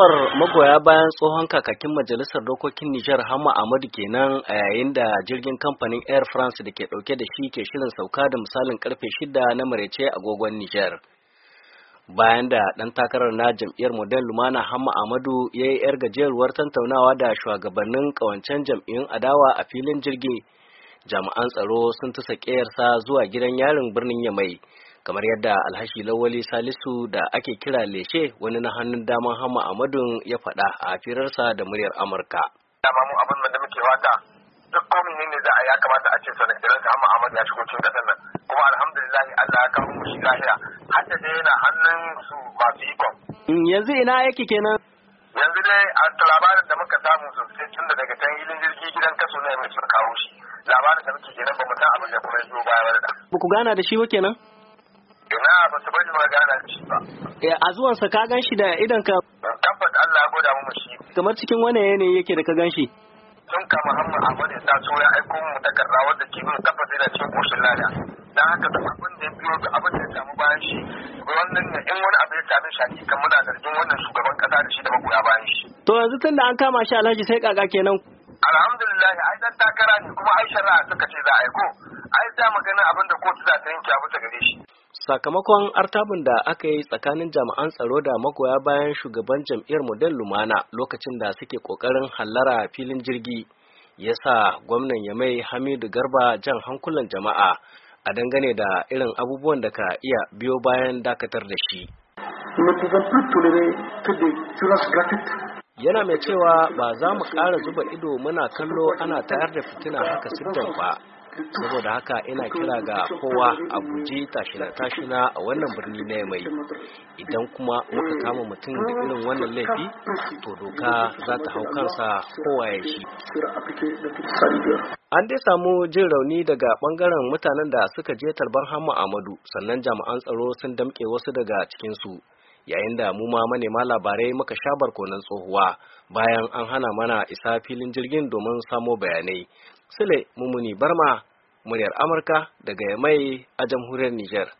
Rawar magoya bayan tsohon kakakin majalisar dokokin Nijar hamma Ahmadu kenan a yayin da jirgin kamfanin Air France da ke dauke da shi ke shirin sauka da misalin karfe shida na marece agogon Nijar. Bayan da ɗan takarar na jam'iyyar Modern Lumana Hama Ahmadu ya yi 'yar gajeruwar tantaunawa da shugabannin ƙawancen jam'iyyun adawa a filin jirgi, jami'an tsaro sun ta sa zuwa gidan yarin birnin Yamai. kamar yadda alhashi lawali salisu da ake kira leshe wani na hannun daman hama amadun ya faɗa a firarsa da muryar amurka dama mu abin da muke fata duk ko ne za ya kamata a ce sanin irin hama amadu ya shigo cikin kasar nan kuma alhamdulillah allah ya kawo mu shi lahiya har da dai yana hannun su masu ikon mm, yanzu ina yake kenan yanzu dai a labarin da muka samu sosai tun da daga can hilin jirgi gidan kaso ne mai sun kawo shi labarin da muke kenan ba mu san abin da kuma ya zo baya ba da ku gana da shi wa kenan ina ba su bari ma da shi ba eh, a zuwansa ka gan shi da idan ka tabbata Allah ya goda mu shi kamar cikin wani yanayi yake da ka gan shi sun ka Muhammad Ahmad ya so ya aiko mu da wadda da kafa zai da cikin koshin lada dan haka duk abin da ya biyo da abin da ya samu bayan shi wannan ne in wani abu ya samu shi hakikan muna zargin wannan shugaban kasa da shi da magoya bayan shi to yanzu tun da an kama shi Alhaji sai kaga kenan alhamdulillah ai dan takara ne kuma ai shari'a suka ce za a aiko ai da magana abin da kotu za ta yanke a ta gare shi sakamakon artabin da aka yi tsakanin jami'an tsaro da magoya bayan shugaban jam'iyyar model lumana lokacin da suke kokarin hallara filin jirgi ya sa gwamnan ya mai hamidu garba jan hankulan jama'a a dangane da irin abubuwan da ka iya biyo bayan dakatar da shi yana mai cewa ba za mu ƙara zuba ido muna kallo ana tayar da fitina haka siddan ba saboda haka ina kira ga kowa a guji tashina-tashina a wannan birni na yamai, idan kuma muka kama mutum da irin wannan laifi to doka za ta hau kansa kowa ya shi an dai samu jin rauni daga bangaren mutanen da suka je tarban hamma amadu sannan jami'an tsaro sun damke wasu daga cikinsu yayin da mu ma manema labarai muka sha barkonan tsohuwa bayan an hana mana isa filin jirgin domin samo bayanai sile mumuni barma muryar amurka daga yamai a jamhuriyar Nijar.